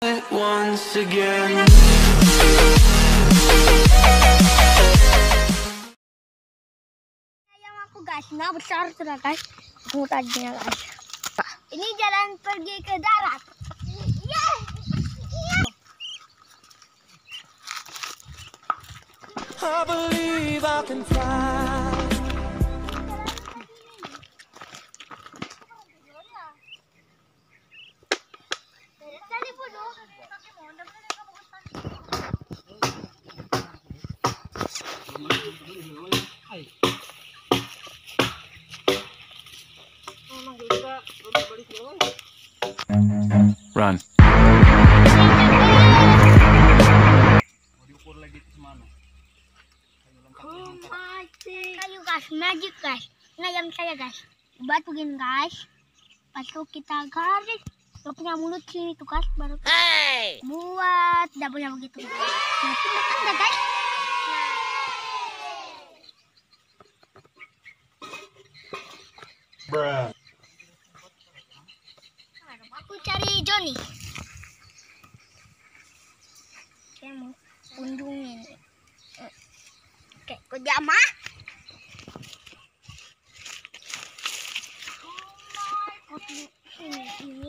Yang aku guys, nah besar sudah guys. Aku Ini jalan pergi ke darat. Iya. I believe I can fly. Run. Kayu magic guys. Ngayam saya guys. Buat begini guys. Pasok kita garis. Gak punya mulut sih itu kan baru hey. buat tidak punya begitu Nah, makan nggak guys Bruh. Aku cari Johnny. Saya mau kunjungin. Oke, aku jamah. ini.